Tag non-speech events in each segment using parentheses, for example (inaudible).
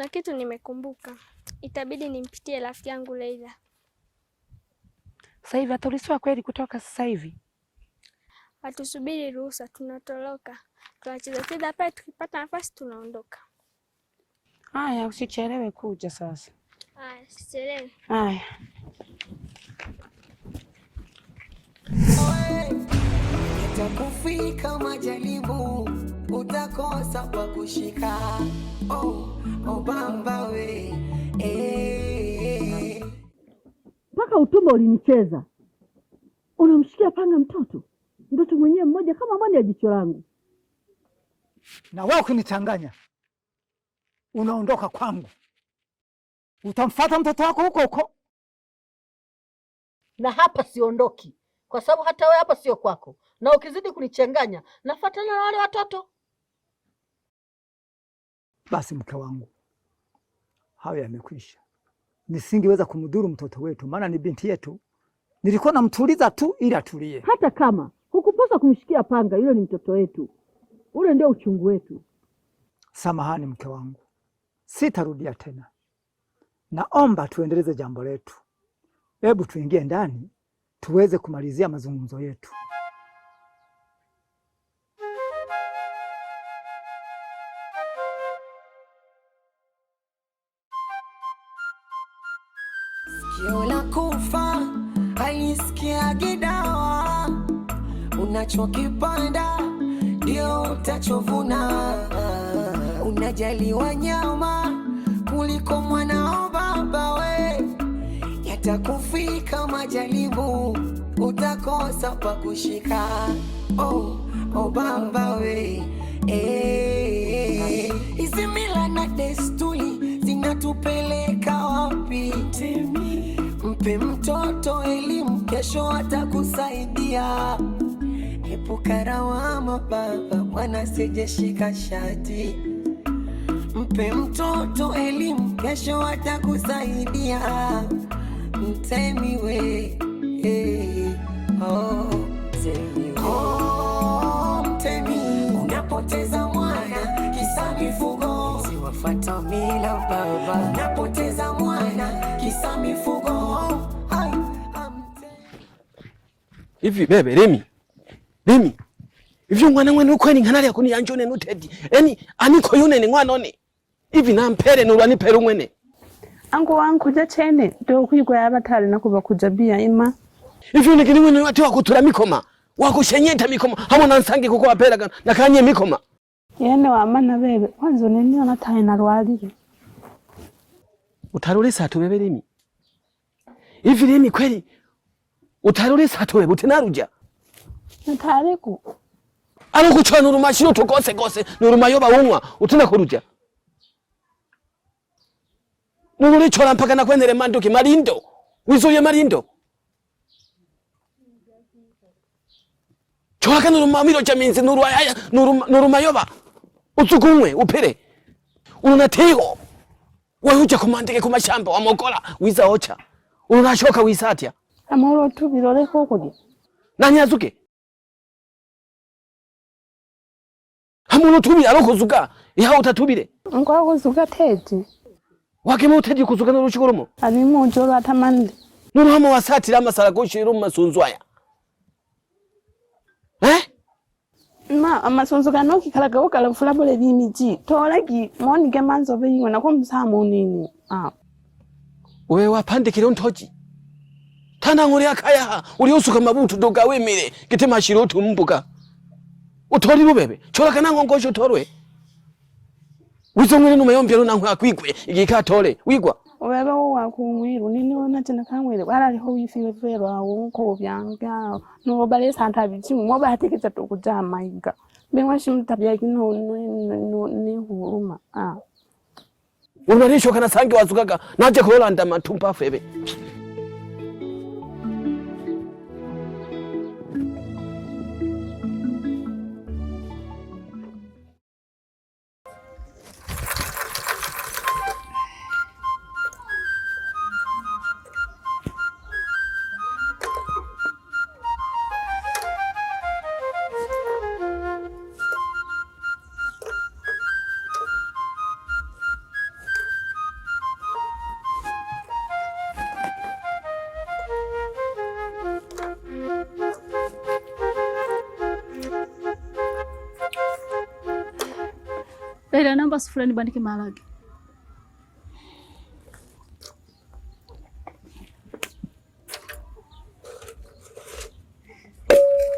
kuna kitu nimekumbuka, itabidi nimpitie rafiki yangu Leila sasa hivi. atulisiwa kweli kutoka sasa hivi? Hatusubiri ruhusa, tunatoroka, tunacheza cheza pale, tukipata nafasi tunaondoka. Haya, usichelewe kuja sasa. Haya, sichelewe. Haya. Utakufika majaribu, utakosa pa kushika. Oh. Obamba we eh. mpaka eh. Utumbo ulinicheza, unamshikia panga mtoto, mtoto mwenyewe mmoja kama mwani ya jicho langu, na wewe ukinichanganya, unaondoka kwangu, utamfata mtoto wako huko huko. Na hapa siondoki, kwa sababu hata wewe hapa sio kwako, na ukizidi kunichanganya, nafuatana na wale watoto basi mke wangu, hayo yamekwisha, nisingeweza kumdhuru mtoto wetu, maana ni binti yetu. Nilikuwa namtuliza tu ili atulie. Hata kama hukupaswa kumshikia panga, yule ni mtoto wetu, ule ndio uchungu wetu. Samahani mke wangu, sitarudia tena. Naomba tuendeleze jambo letu, hebu tuingie ndani tuweze kumalizia mazungumzo yetu. Unachokipanda ndio utachovuna. Unajali wanyama kuliko mwanao baba we, yatakufika majaribu, utakosa pa kushika. Oh, oh baba we eh, hizi mila na desturi zinatupeleka wapi? Mpe mtoto elimu, kesho atakusaidia fukara wa baba, mwana asijeshika shati. Mpe mtoto elimu, kesho atakusaidia. Mtemi we, hey, eh, oh, mtemi we. Oh, mtemi, unapoteza mwana kisa mifugo, siwafata mila baba, unapoteza mwana kisa mifugo. Hivi bebe Remi mimi ivyo mwana uko ni ukwene akuni yakuni yanjone nutedi yani aniko yune ni mwana hivi na mpere nampere nulwa pere mwene angu wangu wankuja chene do kwigwa yabatale nakuba kuja bia ima ivyo nikini mwene wati wakutura mikoma wakushenyeta mikoma hamo na nansange kuko na nakanye mikoma yene wamana bebe wanzo nini na nalwalire utarule satu bebe limi hivi limi kweli utarule satu bebe utinaruja natariku ari kuchwana urumashiro togose gose nurumayo unwa utina kuruja nuruli nururichora mpaka na kwenere manduki malindo wizuye malindo choraka nurumamiro chaminzi nuruayaya nurumayoba uzukumwe upere ulunatigo uja kumandike kumashamba wamogola wiza ocha ulunashoka wisatya amoro tu birore nani azuke hamuntu utubira arokozuga iha utatubire ngo akozuga tete wakemo utedi kuzuga no ruchikoromo ani mujo atamande nuru hamo wasatira amasara goshiro mu masunzu aya eh ma amasunzu kano kikalaga ukala mfula bole bimiji tolagi moni gemanzo biyiwe nako msamu nini ah wewe wapandikire untoji tana nguri akaya uri usuka mabutu doga mire kitema shiro tumbuka utore irubebe chora kanango ngosho utorwe wizomwire numa yombya runanko akwigwe igika katore wigwa ubaba wo wakumwiru nini wona tena kangwire warariho wifiwe vero awo ko byanga no bale santa bichi mo batikeza tokujama iga bengwa shimtabya kino no ni huruma ah unarisho kana sangi wazukaga naje kolanda matumpa febe Ila namba sifuri nibandike maharage.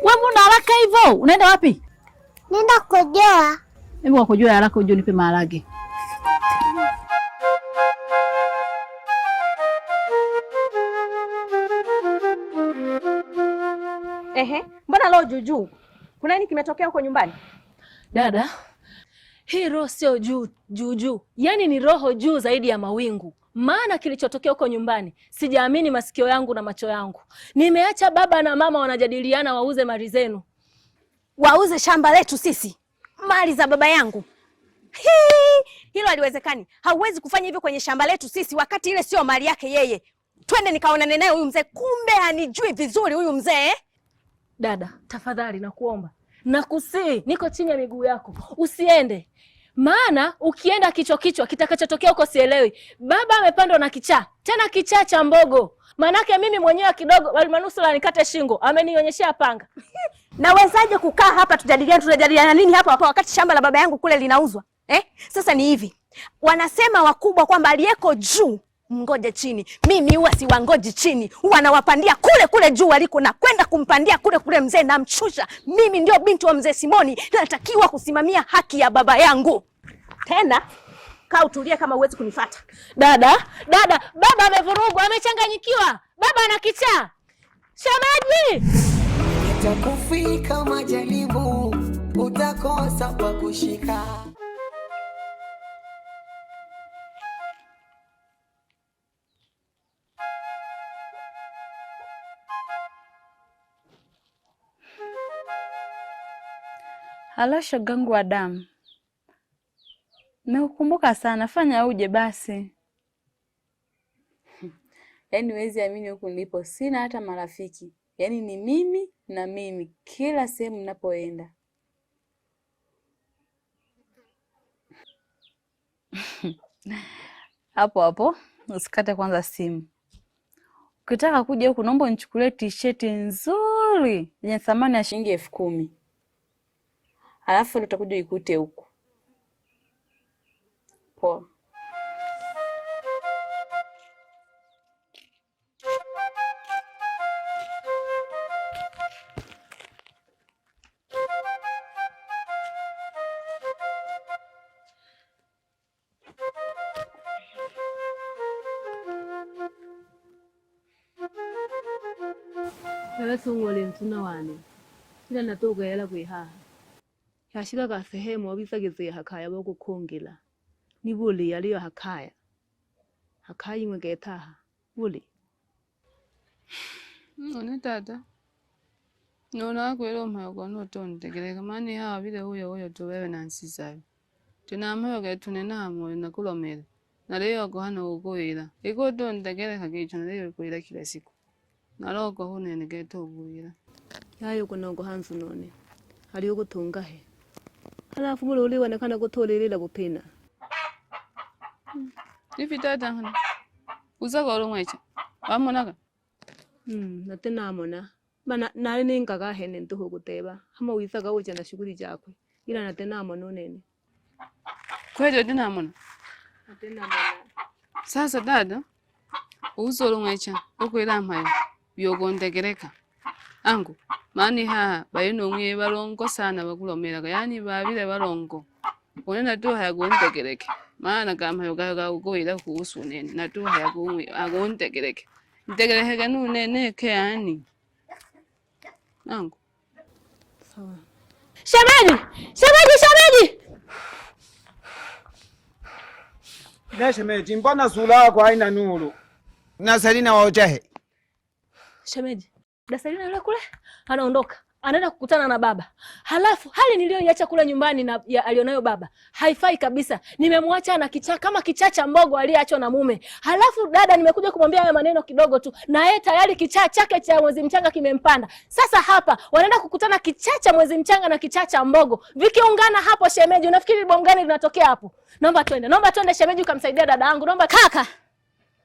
Wewe mbona haraka hivyo? Unaenda wapi? Nenda kukojoa. Hebu wakojoa haraka uje nipe maharage. Ehe, mbona leo juujuu? Kuna nini kimetokea huko nyumbani? Dada, hii roho sio juu juu juu, yaani ni roho juu zaidi ya mawingu. Maana kilichotokea huko nyumbani sijaamini masikio yangu na macho yangu. Nimeacha baba na mama wanajadiliana, wauze mali zenu, wauze shamba letu sisi, mali za baba yangu. Hii, hilo haliwezekani. Hauwezi kufanya hivyo kwenye shamba letu sisi, wakati ile sio mali yake yeye. Twende nikaonane naye huyu mzee. Kumbe hanijui vizuri huyu mzee Dada tafadhali, nakuomba Nakusii, niko chini ya miguu yako, usiende. Maana ukienda kichwa kichwa, kitakachotokea huko sielewi. Baba amepandwa na kichaa, tena kichaa cha mbogo. Maanake mimi mwenyewe kidogo walimanusula nikate shingo, amenionyeshea panga. (laughs) Nawezaje kukaa hapa tujadiliane? Tunajadiliana nini hapa hapa wakati shamba la baba yangu kule linauzwa eh? Sasa ni hivi, wanasema wakubwa kwamba aliyeko juu mngoje chini. Mimi huwa siwangoji chini, huwa nawapandia kule kule juu waliko, na kwenda kumpandia kule kule mzee, namshusha. Mimi ndio binti wa mzee Simoni, natakiwa kusimamia haki ya baba yangu. Tena kaa utulie, kama uwezi kunifata. Dada, dada, baba amevurugwa, amechanganyikiwa, baba ana kichaa. Shemeji, utakufika majaribu, utakosa pa kushika Ala, shogangu wa damu, nakukumbuka sana, fanya uje basi. (laughs) Yaani huwezi amini, huku nilipo sina hata marafiki, yaani ni mimi na mimi kila sehemu ninapoenda. (laughs) hapo hapo, usikate kwanza simu. Ukitaka kuja huku, naomba unichukulie tisheti nzuri yenye thamani ya shilingi elfu kumi alafu ndo utakuja uikute huku. Poa. Wewe mtuna wane. Sila natuga yala kuihaha yashikaga sehemu wabisagiziya hakaya bogukungila ni buli yaliyo hakaya hakaya imwe getaha vuli none tata nonakwela omhayo kwano tontegeleka mani hawa vile huyo huyo tu wewe nansisayo tina amhayo getunena hamoyo nakulomela naleyo akohana ukuila iko tontegeleka kicho naleyo ikuila kila siku na naloko hunene geta ukuila yayo kunogohanzu none ali ukutungahe halafu mule hmm. ule wanakana kutolelela kupena ivi tata hana uzakolo mwecha wamonaka mm, nate mana nali ningakahene ntuhu kuteba hama withaga ucha na shughuli jakwe ila nate namona unene kwejo tinamona nate sasa tata uza mwecha ukwila mayo vyogondegereka angu Mani ha bayino mwe balongo sana bakulomelaga yani babile balongo unena tu hayakuntegereke maana kama yogagoila kuhusu unene na tu hayakuntegereke ntegereheke nuneneke yani nangu shemeji shemeji shemeji ne shemeji mbona zula haina nuru nazalina waojahe shemeji Dasalina anaenda kule anaondoka anaenda kukutana na baba. Halafu hali niliyoiacha kule nyumbani na ya, alionayo baba haifai kabisa. Nimemwacha na kichaa kama kichaa cha mbogo aliyeachwa na mume. Halafu dada nimekuja kumwambia haya maneno kidogo tu, na yeye tayari kichaa chake cha mwezi mchanga kimempanda. Sasa hapa wanaenda kukutana kichaa cha mwezi mchanga na kichaa cha mbogo vikiungana hapo. Shemeji, unafikiri bomu gani linatokea hapo? Naomba twende, naomba twende shemeji, ukamsaidia dada yangu. Naomba kaka,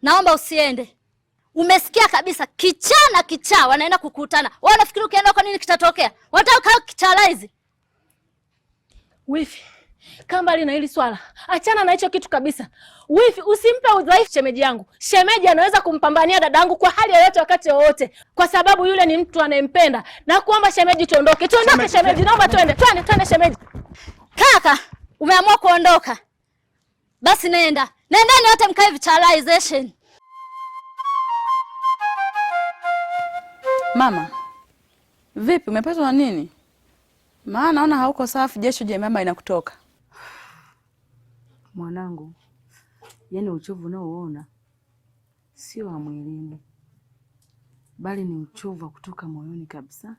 naomba usiende Umesikia kabisa, kichaa na kichaa wanaenda kukutana. Wao nafikiri ukienda kwa nini kitatokea? Wataka kichalaizi wifi. Kama lina hili swala, achana na hicho kitu kabisa. Wifi, usimpe udhaifu shemeji yangu. Shemeji anaweza kumpambania dadangu kwa hali yoyote, wakati wowote, kwa sababu yule ni mtu anayempenda. Na kuomba shemeji, tuondoke, tuondoke shemeji, naomba tuende. twende, twende shemeji. Kaka, umeamua kuondoka, basi nenda, nendeni wote mkae vichalalization Mama, vipi, umepatwa na nini? Maana naona hauko safi, jasho jembamba inakutoka. Mwanangu, yaani uchovu unaoona sio wa mwilini, bali ni uchovu wa kutoka moyoni kabisa.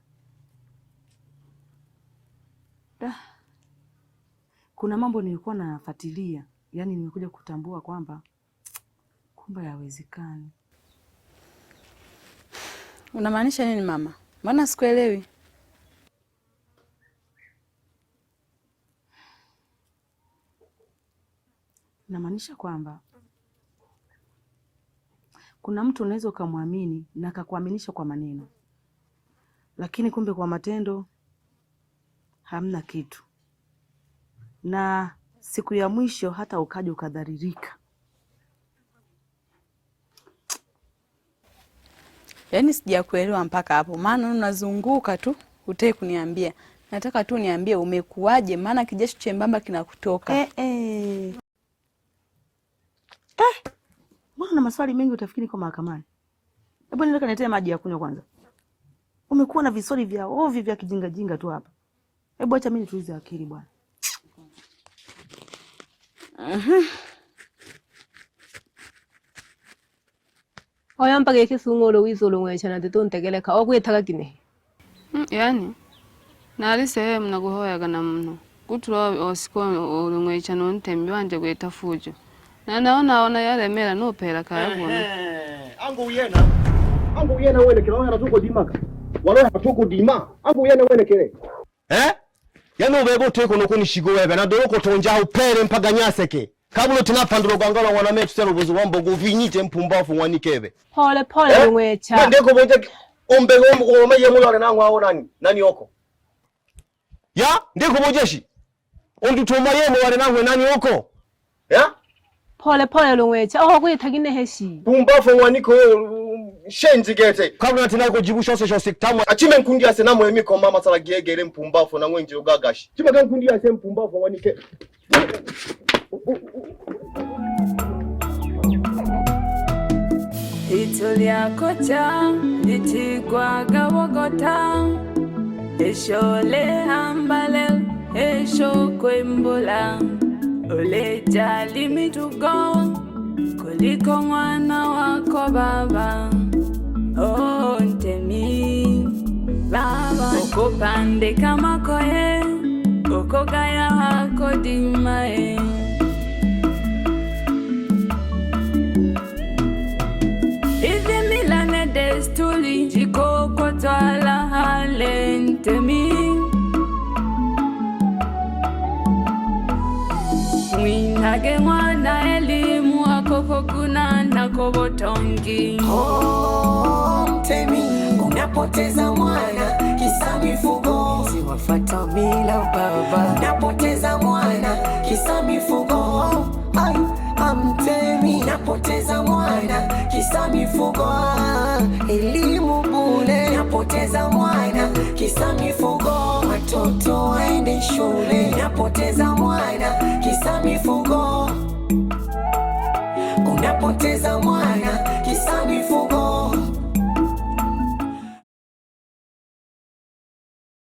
Da, kuna mambo nilikuwa nafuatilia, yaani nimekuja kutambua kwamba kumbe yawezekani Unamaanisha nini mama? Mbona sikuelewi? Namaanisha kwamba kuna mtu unaweza ukamwamini na akakuaminisha kwa maneno, lakini kumbe kwa matendo hamna kitu, na siku ya mwisho hata ukaja ukadhalilika Yaani sijakuelewa mpaka hapo, maana unazunguka tu utaki kuniambia. Nataka tu niambie umekuwaje, maana kijeshi chembamba kinakutoka. Eh, eh. Eh. na maswali mengi utafikiri kwa mahakamani. Hebu nileka niletee maji ya kunywa kwanza. Umekuwa na visori vya ovyo vya kijinga jinga tu hapa. Hebu acha mimi nitulize akili bwana. Mhm. oya mpaka Oyampaka ekisung'olo wiiza olong'wechana tetontegeleka oogwethagakine mm, yani yaani naali sewe mnaguhoyagana muno gutura osiko olong'wechana ontemi wanje gweta fujo na naona ona yalemera noopera kayabona angu uyena angu uyena wenekera oyana tukudimaka waloya dima angu uyena wenekere eh? yanu yaani obeega oteeka onokunishiga owebe nadoloka otonja upere mpaga nyaseke kabula tinapha ndi lokangala mwana metu tero pozi wambogo upinyite mpumbafu mwanikeve pole pole eh? mwecha ndeko bonje ombe ngomu ko maye mulale nangu awo nani nani oko ya ndeko bonjeshi ondu toma yemo wale nangu nani oko ya pole pole lomwecha oho kuyithagine heshi pumbafu mwaniko shenjigete kabula tinako jibu shose shose tamu achime nkundia se namwe miko mama sala giegere mpumbafu na mwenje ugagashi chime kankundia se mpumbafu mwanike itu lyakoca litigwaga wogota esho lehambale esho kwembula uleja limitugo kuliko mwana wako baba oh, baba ukupandika makoye ukugaya hako dimae Tage mwana elimu akokokuna na kobotongi oh, unapoteza mwana kisa mifugo siwafata mila baba unapoteza mwana kisa mifugo Ay, amtemi unapoteza mwana kisa mifugo elimu bule unapoteza mwana kisa mifugo mtoto aende shule, unapoteza mwana kisa mifugo, unapoteza mwana kisa mifugo.